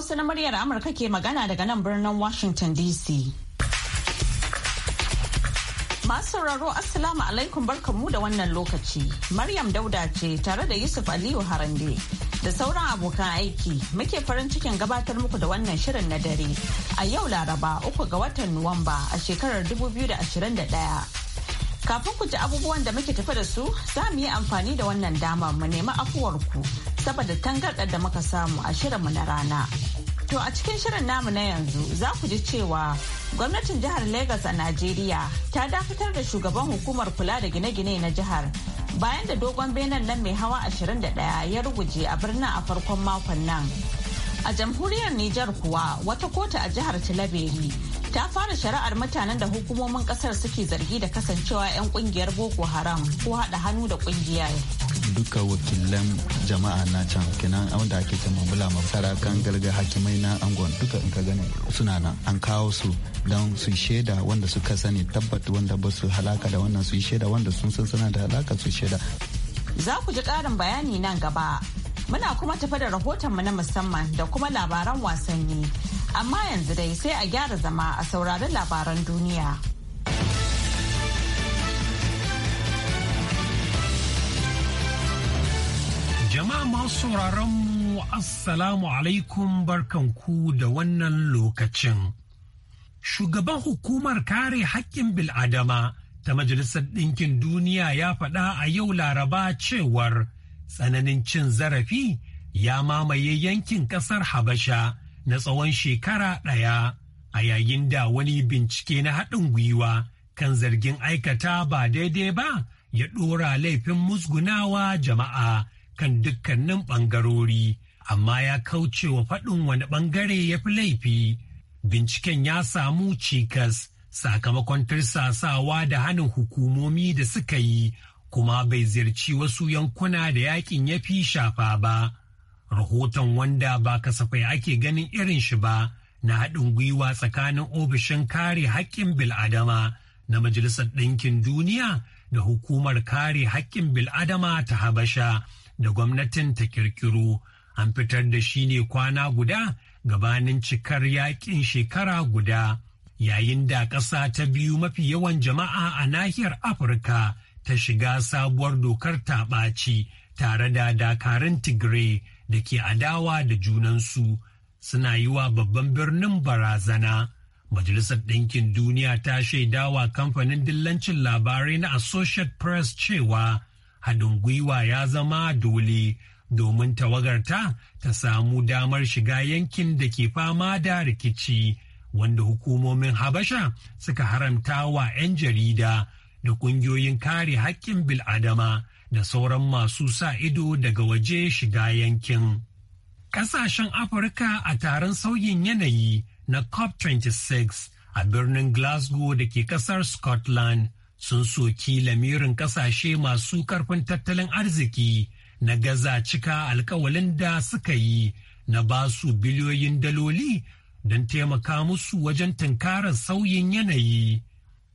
Hausa na muryar Amurka ke magana daga nan birnin Washington DC. Masu sauraro Assalamu alaikum barkanmu da wannan lokaci. Maryam Dauda ce tare da Yusuf Aliyu Harande da sauran abokan aiki muke farin cikin gabatar muku da wannan shirin na dare a yau Laraba uku ga watan Nuwamba a shekarar 2021. Kafin ku ji abubuwan da muke tafi da su, za mu yi amfani da wannan dama mu nemi afuwarku saboda tangarɗar da muka samu a shirinmu na rana. To a cikin shirin namu na yanzu za ku ji cewa gwamnatin jihar Legas a Najeriya ta dakatar da shugaban hukumar kula da gine-gine na jihar bayan da dogon benen nan mai hawa 21 ya ruguje a birnin a farkon makon nan. A jamhuriyar Nijar kuwa wata kota a jihar Tilaberi ta fara shari'ar mutanen da hukumomin kasar suke zargi da kasancewa 'yan kungiyar boko haram ko haɗa hannu da kungiyar duka wakilan jama'a na can kenan wanda ake cewa masara kan garga hakimai na angon duka in ka gani suna nan an kawo su don su shaida wanda suka sani tabbat wanda ba su halaka da wannan su shaida wanda sun san suna da halaka su shaida za ku ji ƙarin bayani nan gaba Muna kuma tafi da rahotonmu na musamman da kuma labaran wasanni. Amma yanzu dai sai a gyara zama a saurari labaran duniya. Jama'a ma sauraron mu Assalamu alaikum barkanku da wannan lokacin. Shugaban hukumar kare haƙƙin bil'adama ta Majalisar Ɗinkin Duniya ya faɗa a yau Laraba cewar tsananin cin zarafi ya mamaye yankin ƙasar Habasha na tsawon shekara ɗaya a yayin da wani bincike na haɗin gwiwa kan zargin aikata ba daidai ba ya ɗora laifin musgunawa jama'a kan dukkanin ɓangarori amma ya kauce wa faɗin wani ɓangare ya fi laifi binciken ya samu cikas sakamakon tirsasawa da hannun hukumomi da suka yi kuma bai ziyarci wasu yankuna da yakin ya fi shafa ba. Rahoton wanda ba kasafai ake ganin irin shi ba na haɗin gwiwa tsakanin ofishin kare haƙƙin bil'adama na Majalisar Ɗinkin Duniya da Hukumar Kare Haƙƙin Bil'adama ta Habasha da gwamnatin ta kirkiro an fitar da shi ne kwana guda gabanin cikar yaƙin shekara guda yayin da ƙasa ta biyu mafi yawan jama'a a nahiyar Afirka ta shiga sabuwar dokar taɓaci tare da dakarun tigray da ke adawa da junansu suna yi wa babban birnin barazana. Majalisar Ɗinkin Duniya ta shaidawa kamfanin dillancin labarai na Associate Press cewa haɗin gwiwa ya zama dole domin tawagarta ta samu damar shiga yankin da ke fama da rikici wanda hukumomin Habasha suka haramta wa 'yan jarida da ƙungiyoyin kare haƙƙin bil'adama da sauran masu sa ido daga waje shiga yankin. Ƙasashen Afirka a taron sauyin yanayi na COP26 a birnin Glasgow da ke ƙasar Scotland sun soki lamirin ƙasashe masu ƙarfin tattalin arziki na gaza cika alkawalin da suka yi na basu biliyoyin daloli don taimaka musu wajen tunkarar sauyin yanayi.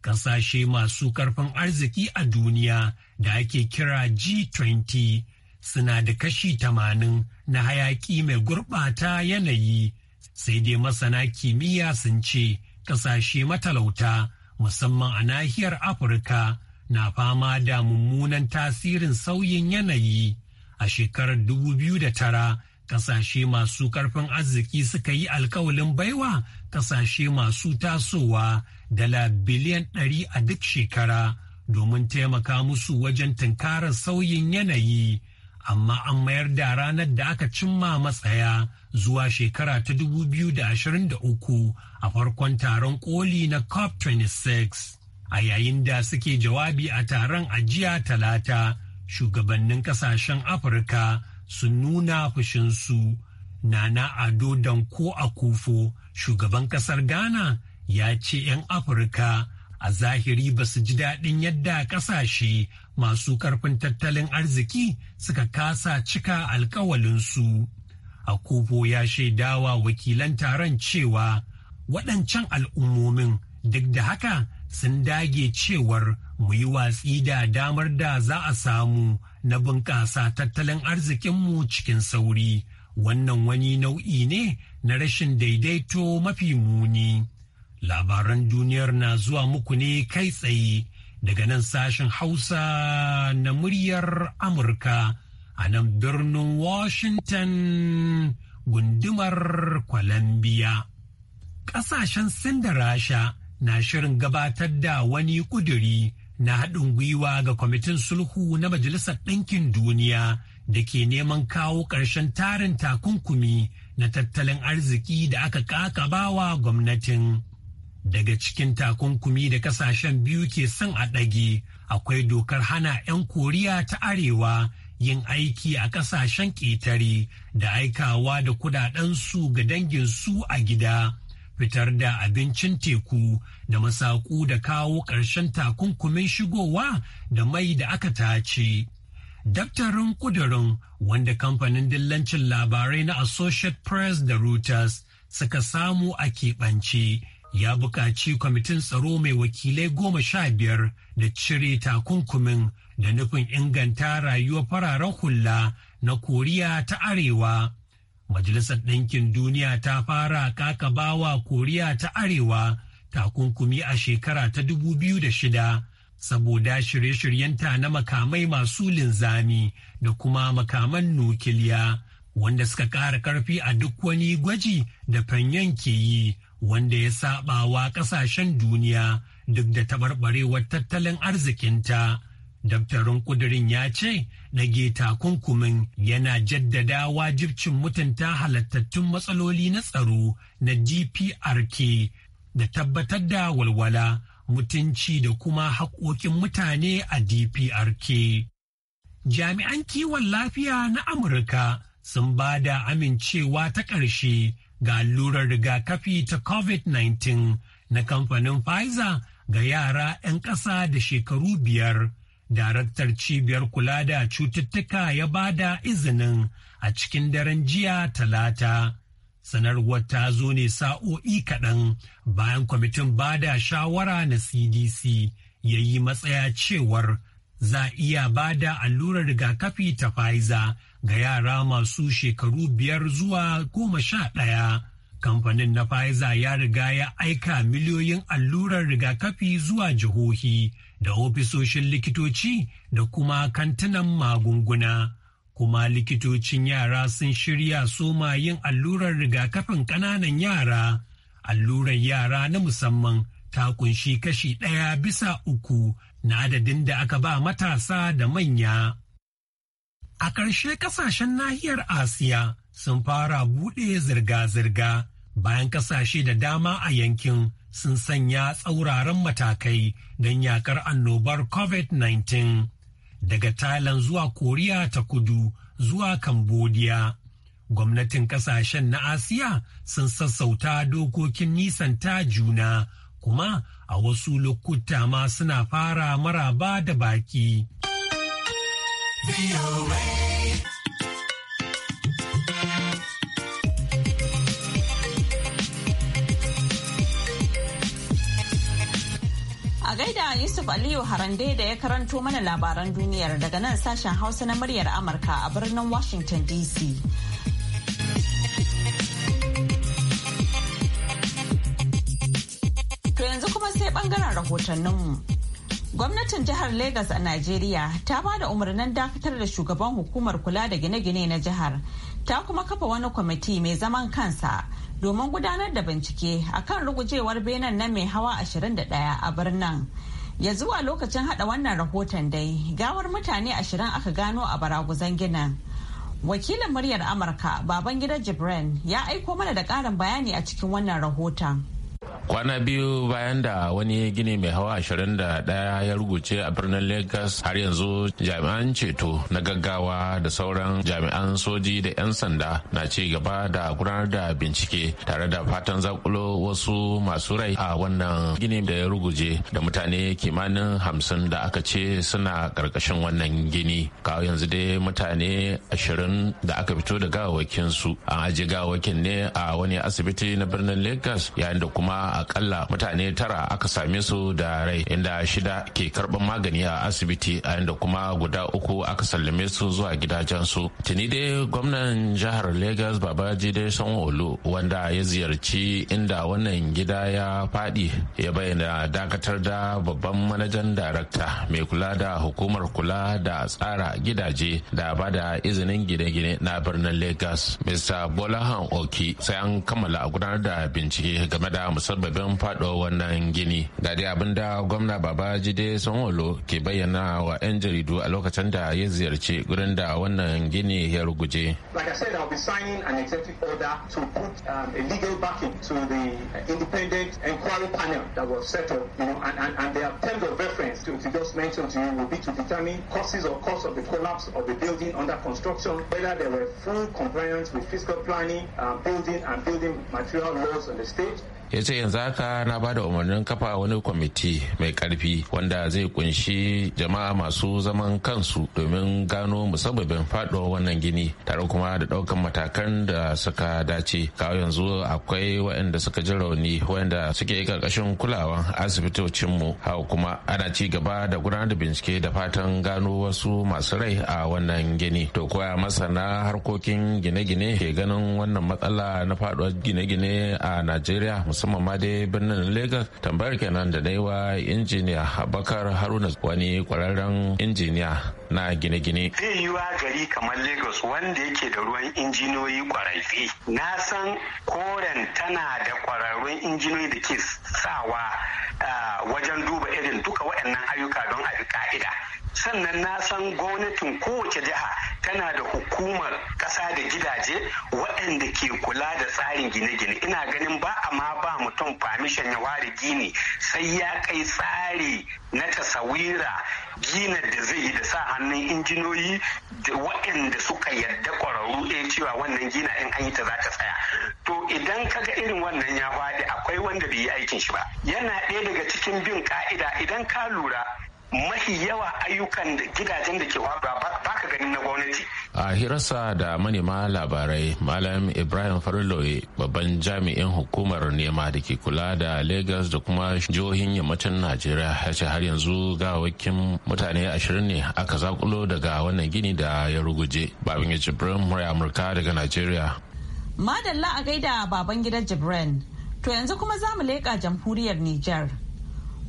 Kasashe masu ƙarfin arziki a duniya da ake kira G20 suna da kashi tamanin na hayaƙi mai gurɓata yanayi sai dai masana kimiyya sun ce kasashe matalauta musamman a nahiyar Afirka na fama da mummunan tasirin sauyin yanayi a shekarar 2009 kasashe masu karfin arziki suka yi alkawalin baiwa kasashe masu tasowa dala biliyan ɗari a duk shekara domin taimaka musu wajen tunkarar sauyin yanayi amma an mayar da ranar da aka cimma matsaya zuwa shekara ta 2023 a farkon taron koli na cop 26 a yayin da suke jawabi a taron ajiya talata shugabannin kasashen afirka sun nuna fushinsu nana ado danko kufo shugaban kasar ghana ya ce 'yan Afirka a zahiri ba su ji daɗin yadda ƙasashe masu ƙarfin tattalin arziki suka kasa cika alkawalinsu. Akufo ya shaidawa wakilan taron cewa waɗancan al'ummomin duk da haka sun dage cewar mu yi watsi da damar da za a samu na bunƙasa tattalin arzikinmu cikin sauri. Wannan wani nau'i ne na rashin daidaito mafi muni. Labaran duniyar na zuwa muku ne kai tsaye daga nan sashen Hausa na muryar Amurka a nan birnin Washington gundumar Columbia. Ƙasashen Sin da Rasha na shirin gabatar da wani ƙuduri na haɗin gwiwa ga kwamitin sulhu na Majalisar Ɗinkin Duniya da ke neman kawo ƙarshen tarin takunkumi na tattalin arziki da aka ƙaƙabawa gwamnatin. Daga cikin takunkumi da kasashen biyu ke son a ɗage akwai dokar hana 'yan Koriya ta Arewa yin aiki a kasashen ƙetare da aikawa da kudadensu ga danginsu a gida. Fitar da abincin teku da masaku da kawo ƙarshen takunkumin shigowa da mai da aka tace. Daftarin ƙudurin wanda kamfanin dillancin labarai na Associate Press da Reuters suka samu a keɓance ya buƙaci kwamitin tsaro mai wakilai goma sha biyar da cire takunkumin da nufin inganta rayuwar fararen hula na koriya ta arewa majalisar ɗinkin duniya ta fara kakabawa koriya ta arewa takunkumi a shekara ta 2006 saboda shirye-shiryenta na makamai masu linzami da kuma makaman nukiliya wanda suka ƙara ƙarfi a duk wani gwaji da fanyen ke yi wanda ya saba wa kasashen duniya duk da tabarbarewar tattalin arzikinta. Daftarin kudirin ya ce ɗage takunkumin yana jaddada wajibcin mutunta halattattun matsaloli na tsaro na DPRK, da tabbatar da walwala mutunci da kuma haƙoƙin mutane a DPRK. Jami'an kiwon lafiya na Amurka sun ba da amincewa ta ƙarshe ga allurar rigakafi ta COVID-19 na kamfanin Pfizer ga yara 'yan ƙasa da shekaru biyar. Daraktar cibiyar kula da cututtuka ya ba da izinin a cikin daren jiya talata. Sanarwar ta zo ne sa'o'i kaɗan bayan kwamitin ba da shawara na CDC ya yi matsaya cewar za a iya ba da allurar rigakafi ta Pfizer ga yara masu shekaru biyar zuwa goma sha ɗaya. Kamfanin na Pfizer ya riga ya aika miliyoyin allurar rigakafi zuwa jihohi da ofisoshin likitoci da kuma kantinan magunguna. Kuma likitocin yara sun shirya soma yin allurar rigakafin ƙananan yara. Allurar yara na musamman ta kunshi kashi ɗaya bisa uku na adadin da aka ba matasa da manya. A ƙarshe ƙasashen nahiyar Asiya sun fara buɗe zirga-zirga bayan ƙasashe da dama a yankin sun sanya tsauraran matakai don yakar annobar COVID-19 daga Thailand zuwa Koriya ta kudu zuwa Cambodia. Gwamnatin ƙasashen na Asiya sun sassauta dokokin nisan ta juna kuma a wasu lokuta ma suna fara maraba da baki. A gaida Yusuf Aliyu Harande da ya karanto mana labaran duniyar daga nan sashen Hausa na muryar Amurka a birnin Washington DC. bangaren rahotannin mu Gwamnatin jihar Legas a Najeriya ta ba da umarnin dakatar da shugaban hukumar kula da gine-gine na jihar. Ta kuma kafa wani kwamiti mai zaman kansa domin gudanar da bincike a kan rugujewar benin na mai hawa 21 a birnin. ya zuwa lokacin hada wannan rahoton dai gawar mutane ashirin aka gano a baraguzan ginin wakilin muryar amurka baban gidan jibran ya aiko mana da karin bayani a cikin wannan rahoton kwana biyu bayan da wani gini mai hawa ashirin da 21 ya ruguce a birnin lagos har yanzu jami'an ceto na gaggawa da sauran jami'an soji da 'yan sanda na ci gaba da gudanar da bincike tare da fatan zakulo wasu masu rai a wannan gini da ya ruguje da mutane kimanin hamsin da aka ce suna karkashin wannan gini kawo yanzu dai mutane ashirin da aka fito da gawakinsu. su an ajiye gawakin ne a wani asibiti na birnin lagos yayin da kuma akalla mutane tara aka same su da rai inda shida ke karban magani a asibiti a inda kuma guda uku aka sallame su zuwa gidajen su tuni dai gwamnan jihar lagos babajide sanwo-olu wanda ya ziyarci inda wannan gida ya faɗi ya bayyana dakatar da babban manajan darakta mai kula da hukumar kula da tsara gidaje da ba da izinin gine-gine na birnin lagos mr bolahan oki sai an kammala a gudanar da bincike game da musamman Like I said, I'll be signing an executive order to put um, a legal backing to the independent inquiry panel that was set up, you know, and, and, and their terms of reference to, to just mentioned to you will be to determine causes or cause of the collapse of the building under construction, whether there were full compliance with fiscal planning, um, building and building material laws on the state, ya ce yanzu haka na bada umarnin kafa wani kwamiti mai karfi wanda zai kunshi jama'a masu zaman kansu domin gano musabbabin faɗo wannan gini tare kuma da ɗaukan matakan da suka dace kawo yanzu akwai waɗanda suka ji rauni waɗanda suke ƙarƙashin kulawan asibitocinmu hau kuma ana ci gaba da gudanar da bincike da fatan gano wasu masu rai a wannan gini to koya masana harkokin gine-gine ke ganin wannan matsala na faɗuwar gine-gine a najeriya musamman ma dai birnin Legas tambayar kenan da naiwa injiniya Abubakar Haruna wani kwararren injiniya na gine-gine. Zai wa gari kamar Legas wanda yake da ruwan injiniyoyi kwararri. Na san koren tana da kwararrun injiniyoyi da ke sawa ah, wajen duba irin duka waɗannan ayyuka don a bi ka'ida. sannan na san gwamnatin kowace jiha tana da hukumar kasa da gidaje waɗanda ke kula da tsarin gine-gine ina ganin ba a ma ba mutum famishin ya ware gini sai ya kai tsari na tasawira gina da zai yi da sa hannun injiniyoyi da waɗanda suka yarda ƙwararru ɗaya eh, cewa wannan gina in an yi ta za ta tsaya to idan ka ga irin wannan ya faɗi akwai wanda bai yi aikin shi ba yana ɗaya daga cikin bin ka'ida idan ka lura mafi yawa ayyukan gidajen da ke ba ka ganin na gwamnati. A hirarsa da manema labarai, Malam Ibrahim Fariloye babban jami'in hukumar nema da ke kula da Lagos da kuma jihohin yammacin Najeriya ya ce har yanzu gawakin mutane ashirin ne aka zakulo daga wannan gini da ya ruguje. Babin ya Jibrin murai Amurka daga Najeriya. Madalla a gaida baban gidan Jibrin. To yanzu kuma za mu leƙa jamhuriyar Nijar.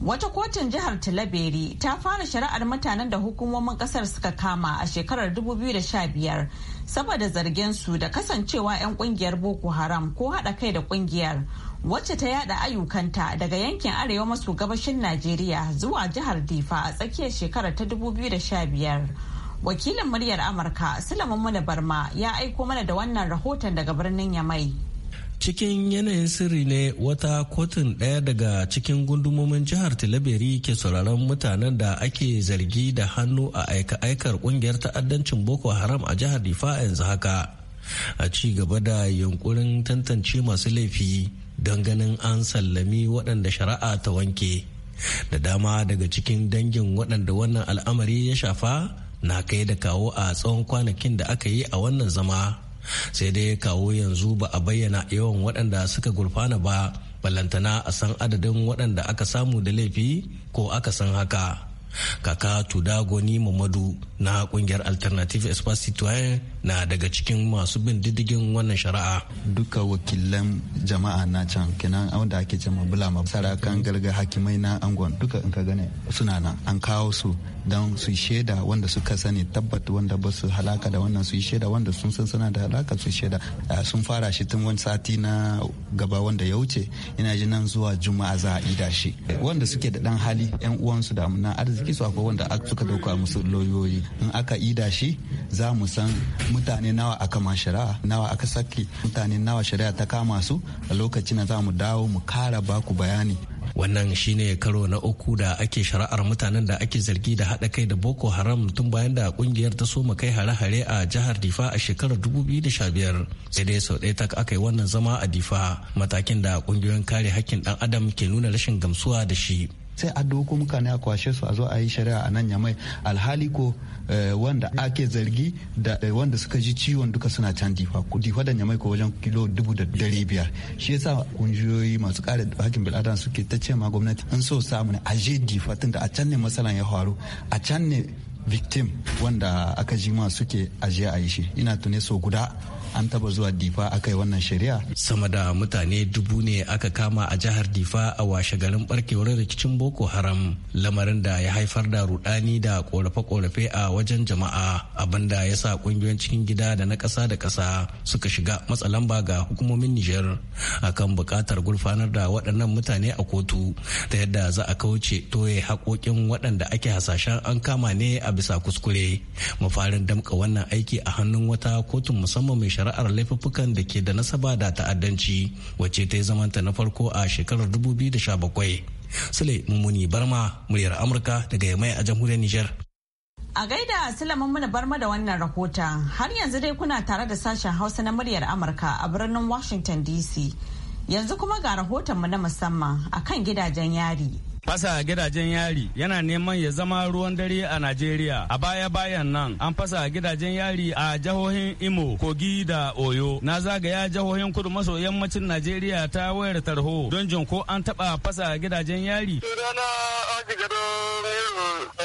Wata kotun jihar Tilaberi ta fara shari'ar mutanen da hukumomin kasar suka kama a shekarar 2015 saboda zargin su da kasancewa 'yan kungiyar Boko Haram ko haɗa kai da kungiyar wacce ta yada ayyukanta daga yankin arewa maso gabashin Najeriya zuwa jihar Difa a tsakiyar shekarar ta 2015. Wakilin muryar Amurka Sulaiman Muna Barma ya aiko mana da wannan rahoton daga birnin Yamai. cikin yanayin sirri ne wata kotun ɗaya daga cikin gundumomin jihar tilaberi ke sauraron mutanen da ake zargi da hannu a aika-aikar kungiyar ta'addancin boko haram a jihar difa yanzu haka a ci gaba da yunkurin tantance masu laifi don ganin an sallami waɗanda shari'a ta wanke da dama daga cikin dangin waɗanda wannan al'amari ya shafa na kai da kawo a tsawon kwanakin da aka yi a wannan zama sai dai kawo yanzu ba a bayyana yawan waɗanda suka gurfana ba ballantana a san adadin waɗanda aka samu da laifi ko aka san haka kaka tudagoni mamadu na kungiyar alternative espace citoyen na daga cikin masu bin diddigin wannan shari'a duka wakilan jama'a na can kenan wanda ake jama bulama sarakan garga hakimai na angon duka in ka gane suna nan an kawo su don su shaida wanda suka sani tabbata wanda ba su halaka da wannan su shaida wanda sun san suna da halaka su shaida ah, sun fara shi tun wani sati na gaba wanda ya wuce ina ji nan zuwa juma'a za a ida shi wanda suke da dan hali yan uwansu da amna arziki su akwai wanda suka dauka musu lauyoyi in aka ida shi za mu san mutane nawa aka ma shari'a nawa aka saki mutane nawa shari'a ta kama su a lokacin da za mu dawo mu kara baku bayani wannan shine karo na uku da ake shari'ar mutanen da ake zargi da haɗa kai da boko haram tun bayan da kungiyar ta soma kai hare-hare a jihar difa a shekarar 2015 sai dai sau ɗaya ta aka yi wannan zama a difa matakin da kungiyoyin kare hakkin ɗan adam ke nuna rashin gamsuwa da shi sai a doko ne a kwashe su a zo a yi shari'a a nan yamai alhali ko eh, wanda ake zargi da eh, wanda suka ji ciwon duka suna can difa difa da yamai ko wajen kilo dubu da dari biyar shi yasa kungiyoyi masu kare hakkin bil'adama suke ta ce ma gwamnati in so samu ne a je difa tunda a can ne matsalan ya faru a can ne victim wanda aka ji ma suke aje a yi shi ina tune so guda an taba zuwa difa aka yi wannan shari'a sama da mutane dubu ne aka kama a jihar difa a washe garin barkewar rikicin boko haram lamarin da ya haifar da rudani da korafe-korafe a wajen jama'a abinda ya sa kungiyoyin cikin gida da na kasa da kasa suka shiga matsalan ba ga hukumomin nijar akan bukatar gurfanar da waɗannan mutane a kotu ta yadda za a kauce toye haƙoƙin waɗanda ake hasashen an kama ne a bisa kuskure mafarin damka wannan aiki a hannun wata kotun musamman mai shari'ar laifuffukan da ke da nasaba da ta'addanci wacce ta yi zamanta na farko a shekarar 2017 sule mummuni barma muryar amurka daga yamai a jamhuriyar nijar a gaida silamin mana barma da wannan rahoton har yanzu dai kuna tare da sashen hausa na muryar amurka a birnin washington dc yanzu kuma ga rahoton mu na musamman akan gidajen yari fasa gidajen yari yana neman ya zama ruwan dare a Najeriya. A baya-bayan nan an fasa gidajen yari a jihohin Imo, Kogi da Oyo. Na zagaya jihohin kudu maso yammacin Najeriya ta wayar tarho don jin ko an taba fasa gidajen yari. Eh,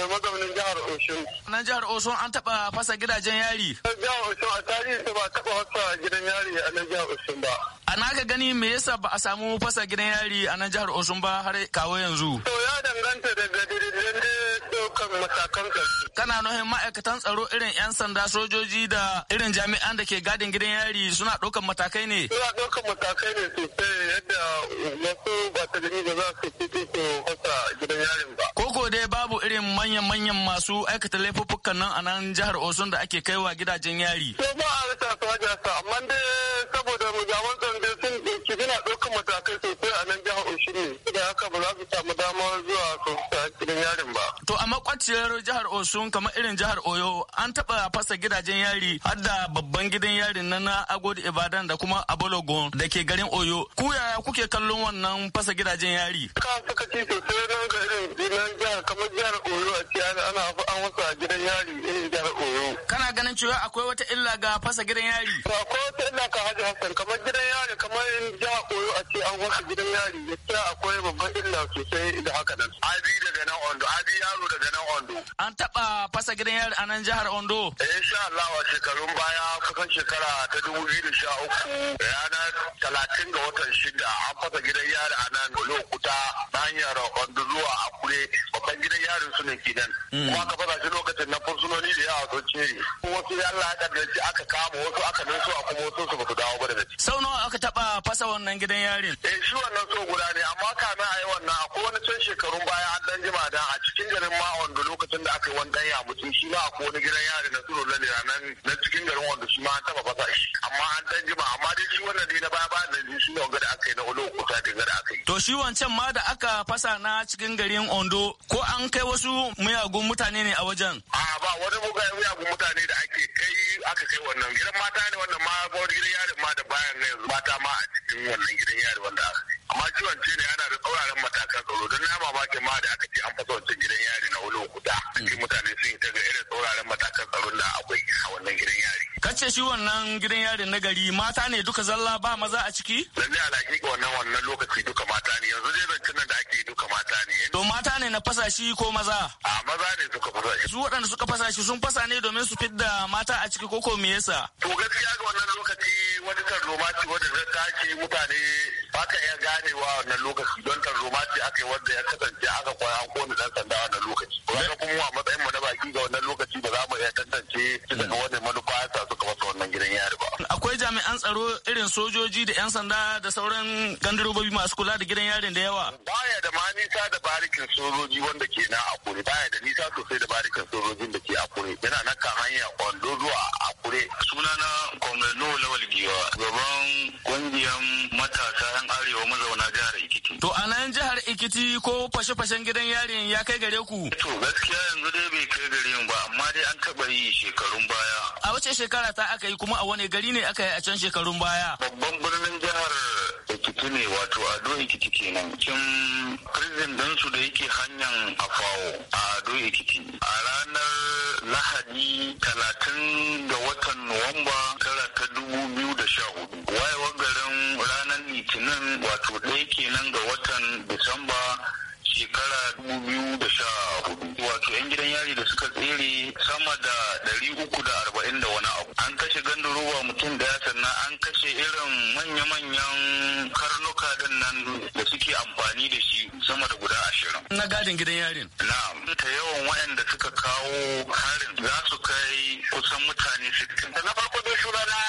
mazaunin jihar Oshun. Na jihar Osun an taɓa fasa gidajen yari? na Jihar Osun a tarihi ba taɓa fasa gidan yari a na jihar Osun ba. a ka gani me yasa ba a samu fasa gidan yari a nan jihar Osun ba har kawo yanzu to ya danganta daga dalilan da dokan matakan kana nuhin ma'aikatan tsaro irin yan sanda sojoji da irin jami'an da ke gadin gidan yari suna daukan matakai ne suna daukan matakai ne sosai yadda wasu ba ta gani ba za su fito su fasa gidan yarin ba koko dai babu irin manyan-manyan masu aikata laifuffukan nan a nan jihar Osun da ake kaiwa gidajen yari. to ba a rasa su amma dai saboda mu ana ɗaukar matakai sosai a nan jihar Oshun ne. Da haka ba za su samu damar zuwa makwaciyar jihar Osun kamar irin jihar Oyo an taba fasa gidajen yari har da babban gidan yarin na na Agodi Ibadan da kuma Abologun da ke garin Oyo. Ku yaya kuke kallon wannan fasa gidajen yari? a a yari jihar Oyo. Kana ganin cewa akwai wata illa ga fasa gidan yari? Akwai wata illa ka Hajji Hassan kamar gidan yari kamar jihar a akwai babban illa sosai da haka nan. Abi daga nan Ondo, Abi yaro daga nan Ondo. An taɓa fasa gidan yari a nan jihar Ondo? Eh, sha Allah shekarun baya kusan shekara ta dubu biyu da sha uku ranar talatin ga watan shida an fasa gidan yari a nan lokuta na hanyar Ondo zuwa Akure babban gidan yarin su ne kenan. Hmm. Kuma aka fasa shi lokacin na gwamnoni da yawa sun cire wasu ya Allah ya aka kama wasu aka nan su kuma wasu su basu dawo ba da ciki sau nawa aka taba fasa wannan gidan yarin eh shi wannan so guda ne amma kamin a yi wannan a wani can shekarun baya an dan jima da a cikin garin ma wanda lokacin da aka yi wani dan mutu shi ma a wani gidan yari na tsoro lalle nan na cikin garin wanda shi ma an taba fasa shi amma an dan jima amma dai shi wannan dai na baya ba da shi ne wanga da aka yi na ulo kusa da gada da aka yi to shi wancan ma da aka fasa na cikin garin Ondo ko an kai wasu miyagun mutane ne a wajen a ba wani wuya miyagun mutane da ake kai aka kai wannan gidan mata ne wannan ma wani gidan yarin ma da bayan na yanzu mata ma a cikin wannan gidan yarin wanda aka amma ciwon ce ne yana da tsauraran matakan tsaro don na mamaki ma da aka ce an fasa wancan gidan yari na wani guda cikin mutane sun yi ta ga irin tsauraran matakan tsaro da akwai a wannan gidan yari. kace shi wannan gidan yarin na gari mata ne duka zalla ba maza a ciki? lalle a wannan wannan lokaci duka mata ne yanzu dai zancen nan da ake duka mata don mata ne na fasa shi ko maza? A maza ne suka fasa shi. Su waɗanda suka fasa shi sun fasa ne domin su fidda mata a ciki koko me yasa? To gaskiya ga wannan lokaci wani tarzoma ce wanda ta tashi mutane ba ka iya ganewa wannan lokaci don tarzoma ce aka yi wanda ya kasance aka kwaya an kone ɗan sanda wannan lokaci. Kuma kuma a matsayin mu na baki ga wannan lokaci ba za mu iya tantance daga mm. wani manufa tsaro irin sojoji da 'yan sanda da sauran gandarobobi masu kula da gidan yarin da yawa? Baya da ma nisa da barikin sojoji wanda ke na Akure. Baya da nisa sosai da barikin sojojin da ke Akure. Yana na kan hanya kwando zuwa Akure. Sunana Kwamre Lawal Giwa, gaban ƙungiyar matasa 'yan Arewa mazauna jihar Ikiti. To a nan jihar ikiti ko fashe-fashen gidan yarin ya kai gare ku? To gaskiya yanzu dai bai kai gare mu ba amma dai an taba yi shekarun baya. A wace shekara ta aka yi kuma a wani gari ne aka yi a can shekarun baya? Babban birnin jihar ikiti ne wato Ado ikiti kenan. Kin prison din su da yake hanyar Afawo a Ado ikiti? lahadi talatin ga watan nuwamba tara ta dubu biyu da sha hudu wayewar garin ranar litinin wato ɗaya kenan ga watan disamba shekara dubu biyu da sha hudu wato yan gidan yari da suka tsere sama da ɗari uku da arba'in da wani abu an kashe gandaroba mutum da ya sannan an kashe irin manya-manyan karnuka din nan da suke amfani da shi sama da guda ashirin na gadin gidan yarin na ta yawan waɗanda suka kawo harin za su kai kusan mutane sittin da na farko dai shura na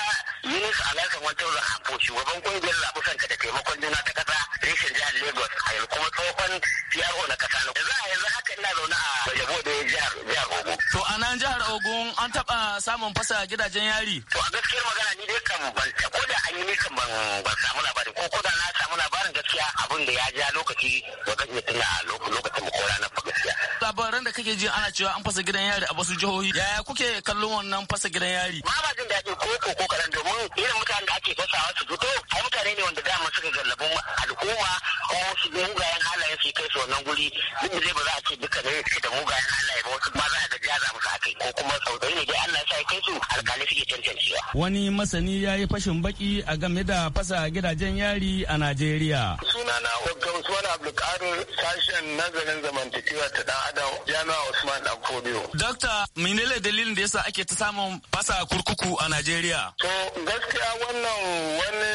Yunus Alhassan wata Rahafo shugaban kungiyar ka da taimakon juna ta kasa reshen jihar Lagos a yanzu kuma tsohon PRO na kasa. Da za a yanzu haka ina zaune a Bajabo da jihar jihar Ogun. To a nan jihar Ogun an taɓa samun fasa gidajen yari. To a gaskiyar magana ni dai kan ban ta ko da an yi ni kan ban samu labarin ko ko da na samu labarin gaskiya abin da ya ja lokaci ba zan iya tuna lokacin ko ranar gaskiya. labaran da kake ji ana cewa an fasa gidan yari a wasu jihohi yaya kuke kallon wannan fasa gidan yari ba ba jin daɗi ko ko ko kaɗan domin irin mutanen da ake fasawa su fito ai mutane ne wanda dama suka gallabu al'umma ko su mugayen halaye su kai su wannan guri duk da zai ba za a ce duka ne suke da mugayen halaye ba wasu ba za a ga jaza musu kai ko kuma tsautsayi ne dai Allah sa kai su alkali suke tantancewa. Wani masani ya yi fashin baki a game da fasa gidajen yari a Najeriya. Suna Sunana Dr. Usman Abdulkadir sashen nazarin zamantakewa ta dan Adam Jami'a Usman Dan Fodio. Dokta, menene dalilin da yasa ake ta samun fasa kurkuku a Najeriya? To gaskiya wannan wani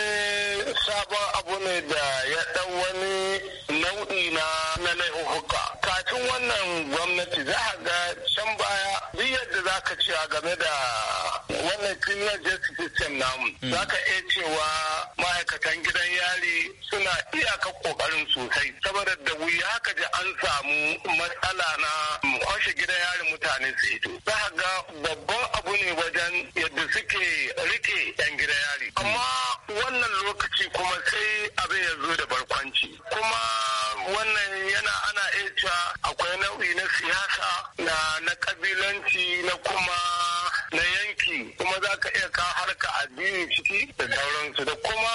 sabon abu ne da ya dan wani nau'i na na laifuka cikin wannan gwamnati za a ga can baya duk yadda za ka a game da wannan criminal justice system namu hmm. za ka iya cewa ma'aikatan gidan yari suna iyaka kokarin sosai saboda da wuya haka ji an samu matsala na kwashe gidan yari mutane su ito za a ga babban abu ne wajen yadda suke rike yan gidan yari amma wannan lokaci kuma sai abin ya zo da barkwanci kuma kabilanci na kuma na yanki kuma za ka iya ka harka addini ciki da sauransu da kuma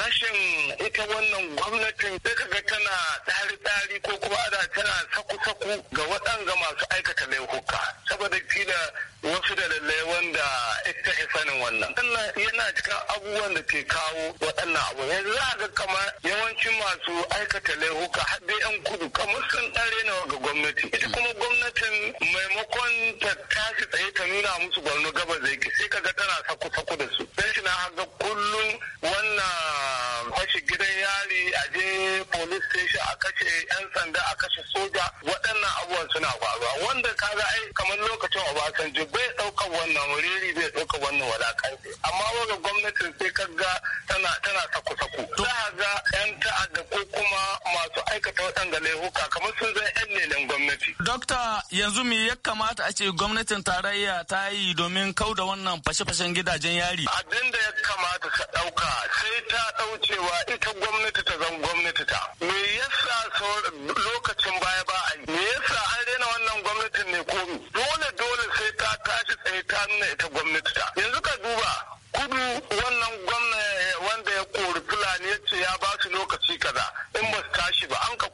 rashin ita wannan gwamnatin sai ka ga tana tsari-tsari ko kuma ada tana saku-saku ga waɗanga masu aikata laifuka saboda kila wasu da lallai wanda ita ke sanin wannan sannan yana cikin abubuwan da ke kawo waɗannan abu yanzu za ga kama yawancin masu aikata laifuka har dai yan kudu kamar sun ɗare nawa ga gwamnati ita kuma mutum maimakon ta tashi tsaye ta nuna musu borno gaba zai ke sai kaga tana sako sako da su dan shi na haga kullum wannan fashi gidan yari a je police station a kashe yan sanda a kashe soja waɗannan abubuwan suna faruwa wanda kaga ai kamar lokacin obasanjo bai ɗaukar wannan wuri bai ɗaukar wannan wadakan amma wanda gwamnatin sai kaga gwamnati. Dokta yanzu me ya kamata a ce gwamnatin tarayya ta yi domin kauda wannan fashe-fashen gidajen yari? Abin da ya kamata ka ɗauka sai ta ɗaucewa ita gwamnati ta zan gwamnati ta. Me yasa lokacin baya ba a yi? Me yasa an daina wannan gwamnatin ne komi? Dole dole sai ta tashi tsaye ta nuna ita gwamnati ta. Yanzu ka duba kudu wannan gwamna eh, wanda ya kori Fulani ya ce ya ba su lokaci kaza in ba su tashi ba an ka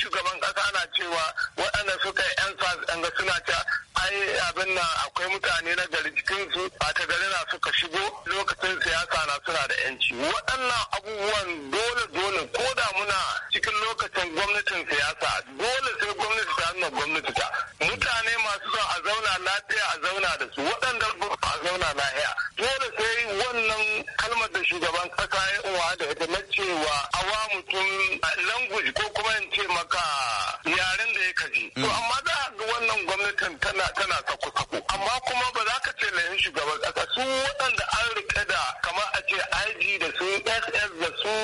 shugaban kasa na cewa waɗanda suka yi yan sas suna ta ai abin nan akwai mutane na gari cikin su ba ta gari na suka shigo lokacin siyasa na suna da yanci waɗannan abubuwan dole dole ko da muna cikin lokacin gwamnatin siyasa dole sai gwamnati ta nuna gwamnati ta mutane masu son a zauna lafiya a zauna da su waɗanda a zauna lafiya zan ce maka yaren da ya kaji. To mm. amma za a ga wannan gwamnatin tana tana sako-sako. Amma kuma ba za ka ce yin shugaban ƙasa su waɗanda an rike da kamar a ce IG da su SS da su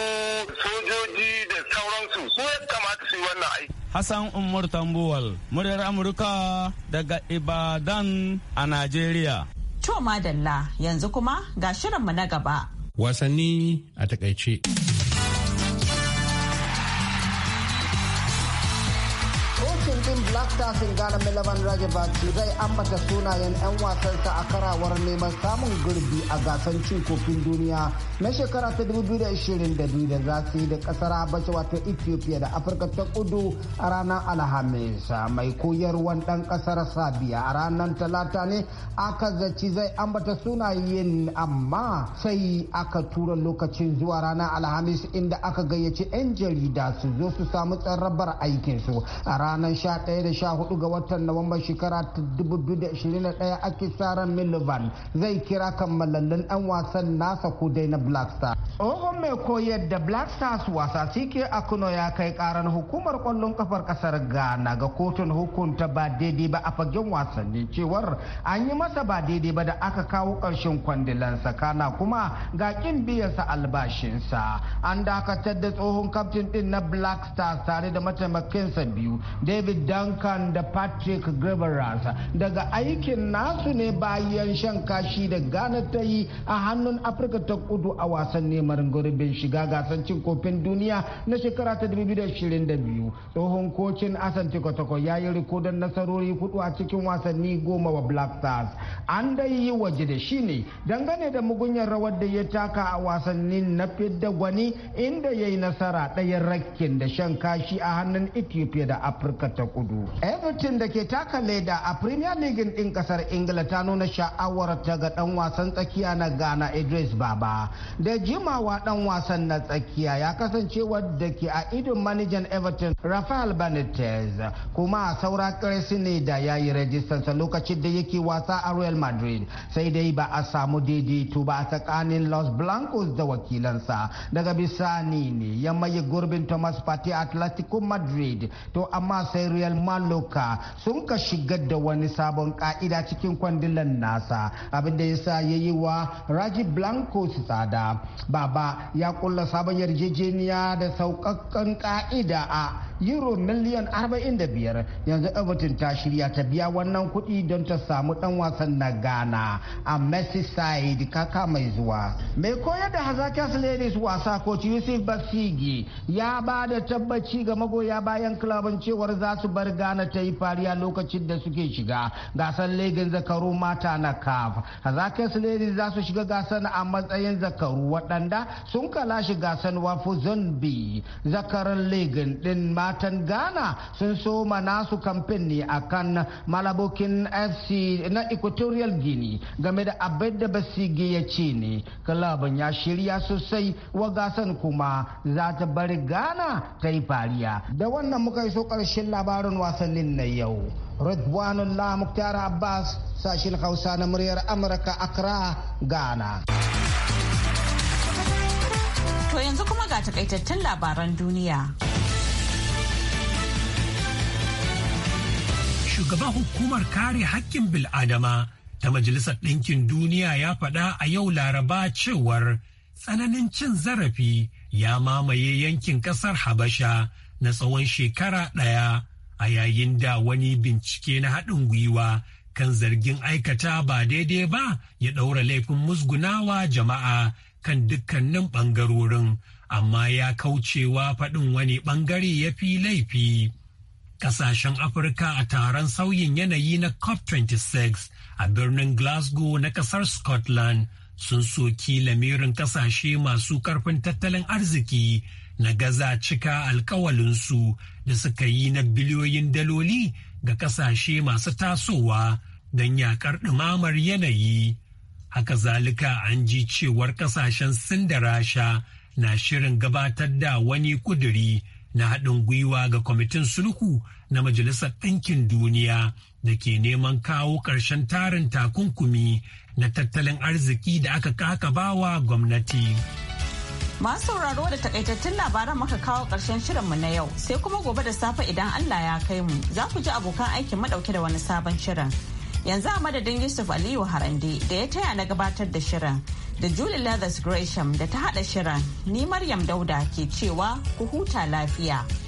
sojoji da sauransu su ya kamata su yi wannan aiki. Hassan Umar Tambuwal, muryar Amurka daga Ibadan a Najeriya. To madalla yanzu kuma ga shirinmu na gaba. Wasanni a takaice. Stars Ghana Rage Rajabati zai ambata sunayen 'yan wasansa a karawar neman samun gurbi a gasar cin kofin duniya na shekara ta 2022 da za su yi da kasar Habasha wato Ethiopia da Afirka ta kudu a ranar Alhamis mai koyarwan dan kasar Sabiya a ranar Talata ne aka zaci zai ambata sunayen amma sai aka tura lokacin zuwa ranar Alhamis inda aka gayyaci 'yan jarida su zo su samu tsarrabar aikinsu a ranar 11 da 14 ga watan Nuwamba shekara ta 2021 ake tsaron Milivan zai kira kammalallin ɗan wasan nasa kudai na Black Stars. Tsohon mai koyar da Black Stars wasa CK Akuno ya kai karan hukumar kwallon kafar kasar Ghana ga kotun hukunta ba daidai ba a fagen wasanni cewar an yi masa ba daidai ba da aka kawo ƙarshen kwandilansa kana kuma ga kin biyansa albashinsa. An dakatar da tsohon kaftin din na Black Stars tare da mataimakinsa biyu David Duncan Jordan da Patrick Graverans daga aikin nasu ne bayan shan kashi da Ghana ta yi a hannun Afirka ta kudu a wasan neman gurbin shiga gasar cin kofin duniya na shekara ta 2022. Tsohon kocin Asan Tikotoko ya yi rikodon nasarori hudu a cikin wasanni goma wa Black Stars. An dai yi waje da shi ne dangane da mugunyar rawar da ya taka a wasannin na fidda gwani inda ya yi nasara ɗayan rakkin da shan kashi a hannun Ethiopia da Afirka ta kudu. everton da ke taka leda a premier league din kasar ingila ta nuna sha'awar ta ga dan wasan tsakiya na ghana idris baba da jimawa ɗan wasan na tsakiya ya kasance wadda ke a idon manajan everton rafael benitez kuma a saura karsi ne da ya yi rajistansa lokacin da yake wasa a real madrid sai dai ba a samu daidaito ba a tsakanin los blancos da wakilansa daga bisani ne ya maye gurbin thomas Partey atletico madrid to amma sai real malo Amurka sun ka shigar da wani sabon ka'ida cikin kwandilan nasa abinda ya sa ya yi wa Raji Blanco su tsada. Baba ya kulla sabon yarjejeniya da sauƙaƙƙen ka'ida a euro miliyan 45 yanzu everton ta shirya ta biya wannan kuɗi don ta samu ɗan wasan na ghana a merseyside kaka mai zuwa mai koyar da hazakas ladies wasa coach yusuf basigi ya ba da tabbaci ga magoya bayan kilabin cewar za su bar ghana ta yi fariya lokacin da suke shiga gasar legin zakaru mata na caf hazakas ladies za su shiga gasar a matsayin zakaru waɗanda sun kalashi gasar wafu b zakaran legin din ma matan ghana sun soma nasu kamfen ne akan malabokin fc na equatorial guinea game da abin da basige ya ce ne kalaban ya shirya sosai wa gasan kuma za ta bari ghana ta yi fariya da wannan muka iso karshen labarin wasannin na yau Ridwanullah Muktar Abbas sashin Hausa na muryar Amurka Accra, Ghana. To yanzu kuma ga takaitattun labaran duniya. Shugaban hukumar kare hakkin bil'adama ta Majalisar Ɗinkin Duniya ya faɗa a yau Laraba cewar tsananin cin zarafi ya mamaye yankin ƙasar Habasha na tsawon shekara ɗaya a yayin da wani bincike na haɗin gwiwa kan zargin aikata ba daidai ba ya ɗaura laifin musgunawa jama'a kan dukkanin ɓangarorin amma ya kaucewa faɗin wani ɓangare ya fi laifi. kasashen Afirka a taron sauyin yanayi na COP26 a birnin Glasgow na kasar Scotland sun soki lamirin kasashe masu karfin tattalin arziki na gaza cika alkawalinsu da suka yi na biliyoyin daloli ga kasashe masu tasowa don yakar ɗumamar yanayi. Haka zalika an ji cewar kasashen Sin da Rasha na shirin gabatar da wani kuduri na haɗin gwiwa ga kwamitin sulhu na Majalisar Ɗinkin Duniya da ke neman kawo ƙarshen tarin takunkumi na tattalin arziki da aka kaka bawa gwamnati. Masu sauraro da takaitattun labaran maka kawo ƙarshen shirinmu na yau sai kuma gobe da safe idan Allah ya kai mu za ku ji abokan aikin madauke da wani sabon shirin. Yanzu a madadin Yusuf Aliyu Harande da ya taya na gabatar da shirin. da Julie Leathers Gresham da ta haɗa shirin, ni Maryam Dauda ke cewa ku huta lafiya.